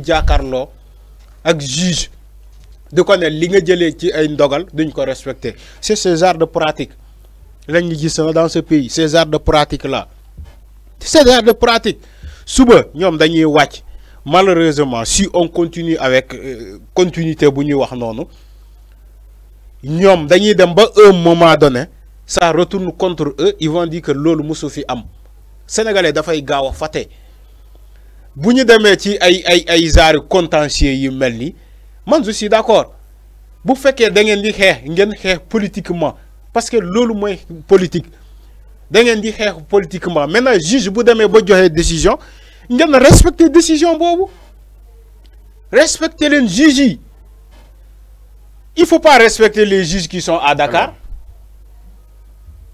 diakarlo l'eau ak juge de ko ne li nga jëlee ci ay ndogal duñ ko respecter c'est ce genre de pratique lañ gis dans ce pays ces arts de pratique là ce genre de pratique suba ñom dañuy wacc malheureusement si on continue avec euh, continuité bu wax nonu ñom dañuy dem ba un moment donné ça retourne contre eux ils vont dire que lolu mosu fi am sénégalais da fay gawa faté bu ñu demee ci ay ay ay genre contentieux yu melni man je suis d'accord bu féké da ngeen di xéx ngeen xéx politiquement parce que lolu moy politique da ngeen di xéx politiquement maintenant juge bu démé ba joxé décision ngeen respecter décision bobu respecter les juges il faut pas respecter les juges qui sont à Dakar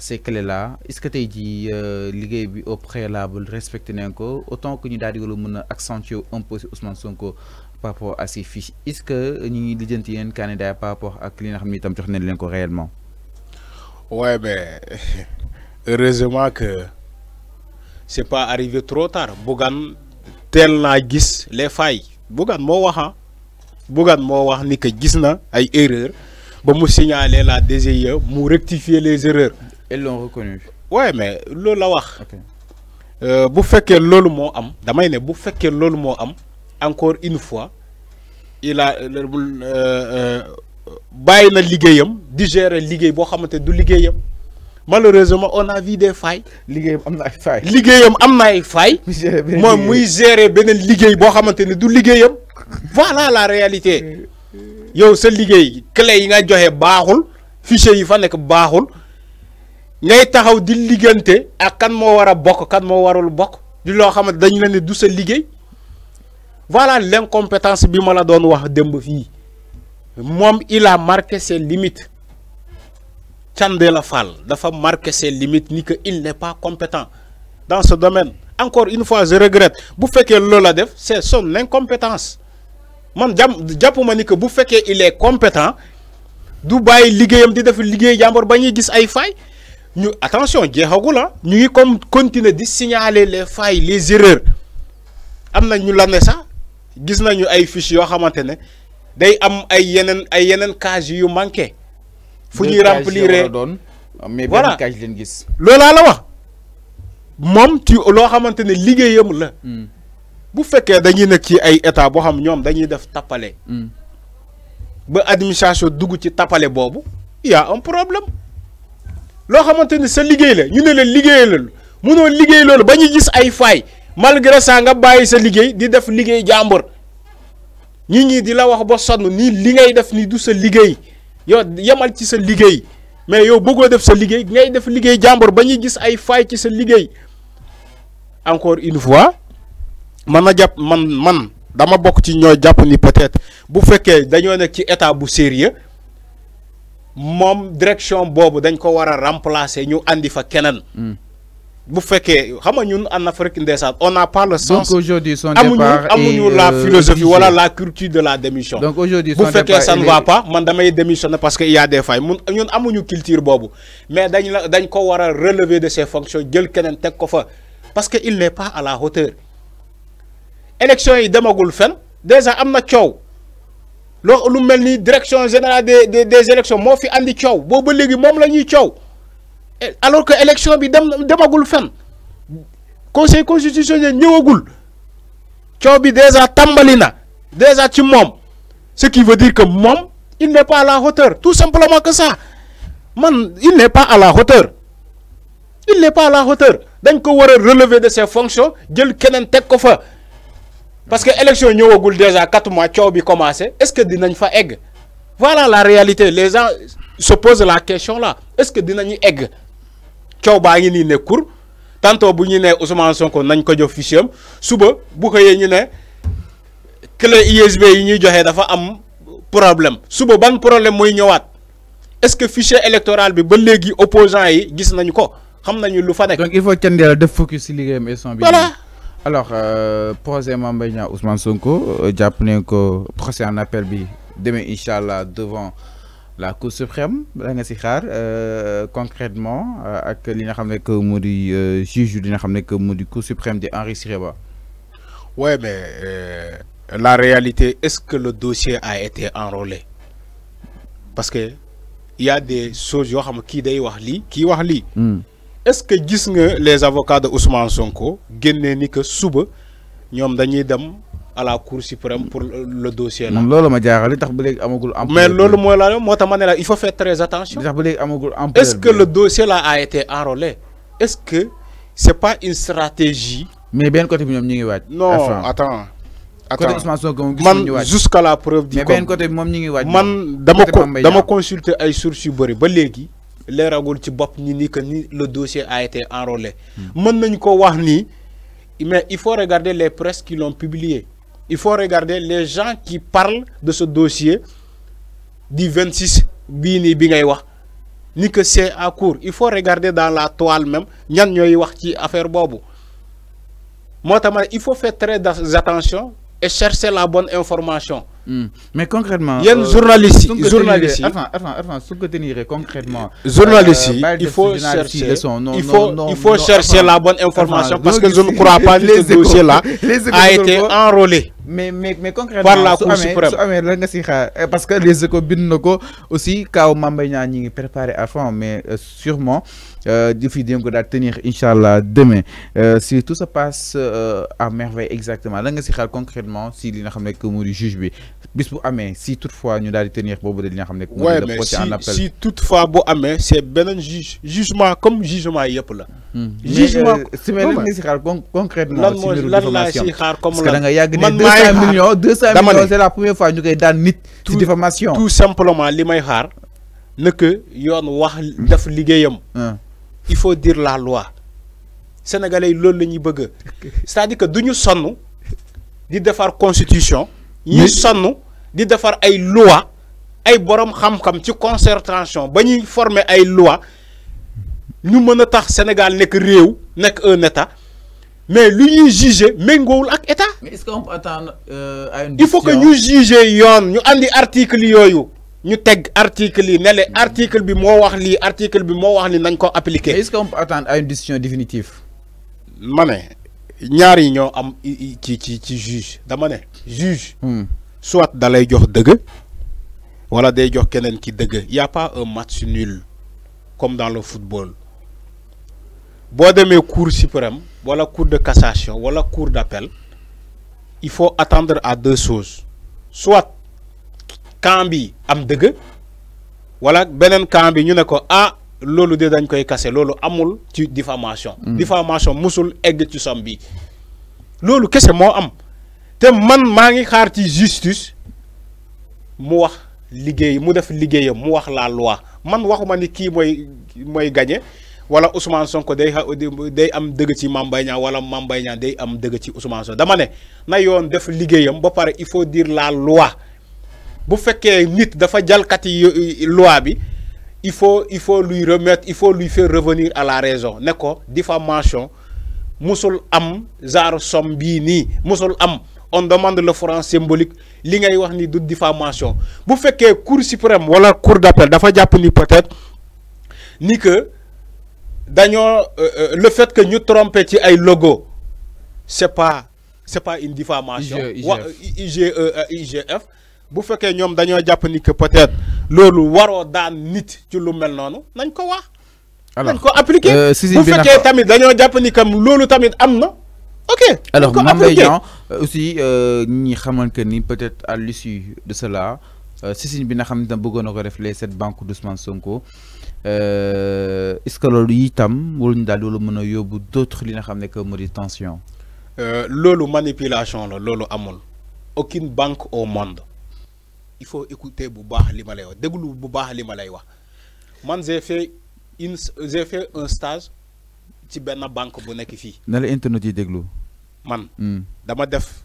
ces clés là est ce que tu jii dit euh, bi au préalable respecté nañ autant que nous daal di un peu Ousmane Sonko par rapport à ces fiches est ce que nous avons lijjanti un candidat par rapport à li nga réellement. ouais mais ben, heureusement que c'est pas arrivé trop tard Bougan tel la gis les failles Bougan moo wax Bougan ah. Bougane wax ni que gis na ay erreurs ba mu signaler la DGE mu rectifier les erreurs. Elle l'ont reconnu. Ouais, mais loolu la Euh bu fekkee lolu mo am damay né bu fekkee lolu mo am encore une fois il a euh euh, euh liggéeyam di digérer liggéey bo xamanté du malheureusement on a vu des failles. liggéeyam amna ay failles. liggéeyam amna ay failles. moom muy gérer benen bo xamanté du voilà la réalité euh, euh. Yo ce liggéey clé yi nga joxé baxul, fichier yi fa nek baxul ñay taxaw di liggante ak kan mo wara bok kan mo warul bok di lo xamante dañ la ne du sa liggéey voilà l'incompétence bi mala doon wax demb fi mom il a marqué ses limites la fal dafa marqué ses limites ni que il n'est pas compétent dans ce domaine encore une fois je regrette bu féké lola def c'est son incompétence man jàpp jàppuma ni que bu féké il est compétent du bàyyi liggéeyam di def liggéey jàmbor bañuy gis ay failles ñu attention jeexagu la ah. ñu ngi comme continuer di signaler les failles les erreurs am na ñu la ne sax gis nañu ay fiches yoo xamante ne day am ay yeneen ay yeneen cases yu manqué. fu ñuy remplir doon mais benn case leen gis. loolaa la wax moom ci loo xamante ne liggéeyam la. Hmm. bu fekkee dañuy nekk ci ay état boo xam ñoom dañuy def tappale. Hmm. ba administration dugg ci tappale boobu y un problème. loo xamante ni sa liggéey la ñu ne la liggéey loolu munoo liggéey loolu ba ñu gis ay faay malgré ça nga bàyyi sa liggéey di def liggéey jàmbur ñi ñii di la wax ba sonn nii li ngay def nii du sa liggéey yow yemal ci sa liggéey mais yow bëggoo def sa liggéey ngay def liggéey jàmbur ba ñuy gis ay faay ci sa liggéey encore une fois man na jàpp man man dama bokk ci ñooy jàpp ni peut-être bu fekkee dañoo nekk ci état bu sérieux mom direction bobu dañ ko wara remplacer ñu andi fa kenen hmm. bu fekkee xam nga ñun en Afrique ndeysaan on n'a pas le sens. donc aujourd'hui son départ est euh, la philosophie wala la culture de la démission. donc aujourd'hui son départ bu fekkee ça ne va pas man damay démissionner parce que il y a des failles mun ñun amuñu culture bobu mais dañ la dañ ko wara relever de ses fonctions jël kenen teg ko fa parce que il n'est pas à la hauteur élection yi demagul fen déjà amna na loo lu melni direction générale des des des élections moo fi andi coow bo ba legui mom lañuy ñuy alors que élection bi dem demagul fen conseil constitutionnel ñewagul coow bi déjà Tambalina, na déjà ci mom ce qui veut dire que mom il n'est pas à la hauteur tout simplement que ça man il n'est pas à la hauteur il n'est pas à la hauteur dañ ko wara relever de ses fonctions jël kenen tek ko fa parce que élection ñëwagul déjà 4 mois coow bi commencé est-ce que dinañ fa egg voilà la réalité les gens se posent la question là est-ce que dinañu egg coow baa ngi nii ne cour tantôt bu ñu nee Ousmane Sonko nañ ko jox fichier suba bu xëyee ñu ne clé ISB yi ñuy joxe dafa am problème suba ban problème mooy ñëwaat est-ce que fichier électoral bi ba légui opposants yi gis nañ ko xam nañ lu fa nek donc il faut que de focus focus ci liggéeyam instant bi. voilà alors euh, Mame Mbaye Niang Ousmane Sonko euh, jàpp procès en appel bi demain Inch'Allah, devant la cour suprême euh, concrètement euh, ak li nga xam juge de la cour suprême de Henri Sireba. Oui, mais la réalité est-ce que le dossier a été enrôlé parce que y a des choses qui xam été day est-ce que gis nga les avocats de Ousmane Sonko génnee ni que suba ñom dañuy dem à la cour suprême pour le dossier là. lolu ma jaaxal tax bu léegi amagul. mais loolu mooy la moo tax la il faut faire très attention. tax ba léegi amagul est-ce que le dossier là a été enrôlé est-ce que c'est pas une stratégie. mais ben côté ñom ñi ngi waaj. non attends. côté Ousmane Sonko moom gis nañu man jusqu'à la preuve. du mais ben côté mom ñi ngi waaj. man dama ko dama consulter ay sources yu bari ba léegi. Les ci ni que le dossier a été enrôlé. nañ ko wax ni mais il faut regarder les presses qui l'ont publié il faut regarder les gens qui parlent de ce dossier du 26 ni que c'est à court il faut regarder dans la toile même ñan wax affaire bobo. moi il faut faire très attention et chercher la bonne information. Hmm. Mais concrètement, il y a une journaliste, journaliste, attends, attends, attends, ce que concrètement, journaliste, il faut chercher, non, il faut, il faut chercher la bonne information parce que je ne crois pas que ce là a été enrôlé. Mais, mais, mais concrètement, la Cour eh, Parce que les échos aussi, quand on est préparé à fond, mais euh, sûrement. Euh, Diofi Diengo daal tenir inshallah allah demain euh, si tout se passe euh, à merveille exactement lan nga si xel concrètement si li nga xam ne mu juge bi bis bu amé si toutefois ñu dal di tenir boobu de li nga xam ne. waaye mais si si toutefois bu amé c'est benen juge jugement comme jugement yépp la. Hmm. jugement si mais lan nga si xaar concrètement. lan moo lan la si xaar comme la parce que da nga yàgg ne millions 200 millions c'est la première fois ñu koy daan nit. ci diffamation tout simplement li may xaar. ne que yoon wax def liggéeyam. Hmm il faut dire la loi sénégalais yi loolu la ñuy bëgg c'est-à-dire que du ñu sonn di defar constitution. ñuy sonn di defar ay loi ay borom xam-xam ci concertation ba ñuy former ay loi ñu mëna tax Sénégal nek réew nek un état mais lu ñuy juger mengoul ak état. mais est-ce qu'on peut attendre euh à une il faut que ñu juger yoon ñu andi article yoyu nous avons article articles article bi mo wax li article bi est-ce qu'on peut attendre à une décision définitive. mané ñaar yi ñoo am juge juge. Hmm. soit dalay jox wala a pas un match nul comme dans le football de mes cours suprême voilà cour de cassation voilà cours d'appel il faut attendre à deux choses soit. camp bi am dëgg wala beneen camp bi ñu ne ko ah loolu de dañ koy kase loolu amul ci diffamation mm. diffamation musul egg ci som bi loolu kese moo am te man maa ngi xaar ci justice mu wax liggéey mu def liggéeyam mu wax laa loi man waxuma ni kii mooy mooy gañe wala Ousmane Sonko day day am dëgg ci Mame Mbaye Niang wala Mame day am dëgg ci Ousmane dama ne na yoon def liggéeyam ba pare il faut dire la loi bu que nit dafa jalkati loi bi il faut il faut lui remettre il faut lui faire revenir à la raison d'accord? diffamation musul am Zar Sombini, bii musul am on demande le franc symbolique li ngay wax ni du diffamation bu fekkee cour suprême ou wala cour d'appel dafa japp ni peut-être ni que dañoo euh, euh, le fait que ñu trompé ci ay logo c'est pas c'est pas une diffamation IGF e, bu fekke ñom dañoo japp ni que peut-être lolu waro daan nit ci lu mel nonu nañ ko wax. alors nañ ko appliquer euh, bu fekke tamit dañoo japp ni que lolu tamit am ok alors Mame Mbaye euh, aussi euh, ñi xamant que ni peut-être à l'issue de cela saisine bi na xam ne tam bëggoon na ko def les sept banques d'Ousmane Sonko est-ce que lolu itam waruñu daal loolu mën a yóbbu d'autres li na xam que moo di tension. loolu manipulation la lolu amul aucune banque au monde il faut écouter bu baax j'ai fait fait un stage dans une banque la man. Hmm. dama def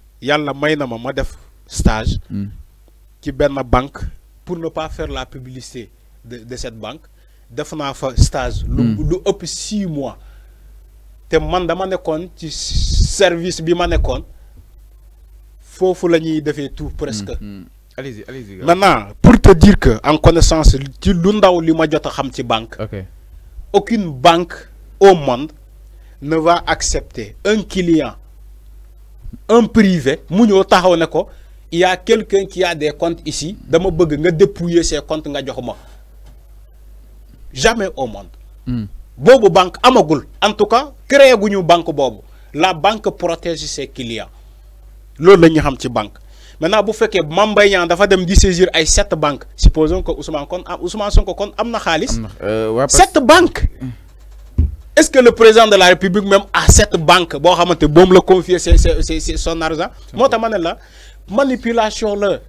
stage. dans hmm. la banque pour ne pas faire la publicité de cette banque J'ai un stage. lu 6 hmm. mois. service bi ma faut que la tout presque allez-y allez-y maintenant pour te dire que en connaissance tu lu ndaw li ma jot xam ci banque. aucune banque au monde ne va accepter un client un privé mu ñëw taxaw ne ko il y a quelqu'un qui a des comptes ici dama bëgg nga dépouiller ses comptes nga jox ma jamais au monde. Hmm. Bobo banque amagul en tout cas créé guñu banque bobo. la banque protège ses clients loolu la ñu xam ci banque maintenant bu fekkee Mame Mbaye dafa dem di saisir ay 7 banques supposons que Ousmane kon ah, Ousmane Sonko kon amna khalis 7 banques. est-ce que le président de la République même a 7 banques bo xamanté moom le confier ses son argent. mota tax la manipulation le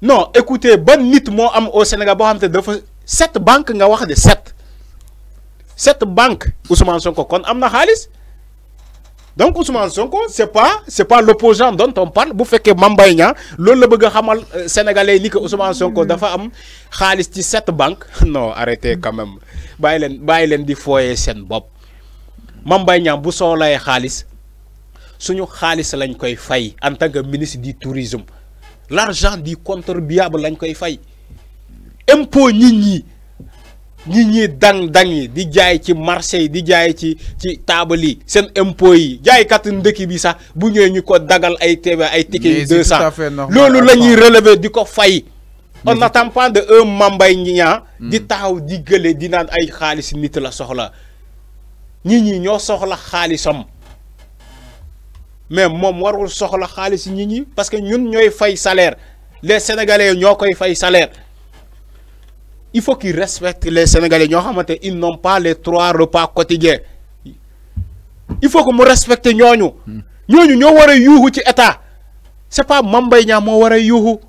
non écoutez bonne nit mo am au Sénégal bo xamanté dafa 7 banques nga wax de 7 7 banques Ousmane Sonko kon amna khalis donc Ousmane Sonko c' est pas c'est pas l'opposant dont on parle Vous faites que Mbaye le loolu la bëgg xamal euh, sénégalais ni que Ousmane Sonko dafa am xaalis ci sept banques non arrêtez quand même bàyyi leen bàyyi leen di fooyee seen bopp Mame Mbaye Niang bu soolay xaalis suñu xaalis lañ koy fay en tant que ministre du tourisme L'argent argent du contribuable lañ koy fay impôt nit ñi. ñi ñi dang dang yi di jaay ci marché yi di jaay ci ci taabal yi seen impôts yi jaaykat ndëkk bi sax bu ñëwee ñu ko dagal ay TVA ay ticket yu deux cent loolu la ñuy relever di ko fay on a pas de un mambay ñaa hmm. di taxaw di gële di naan ay xaalis nit la soxla ñi ñi ñoo soxla xaalisam mais moom warul soxla xaalis ñi ñi parce que ñun ñooy fay salaire les sénégalais ñoo koy fay salaire il faut qu'ils respectent les Sénégalais ñoo xamante ils n'ont pas les trois repas quotidiens il faut que mu respecte ñooñu hmm. ñooñu ñoo war a yuuxu ci état c'est pas Mame Mbaye Niang moo war a yuuxu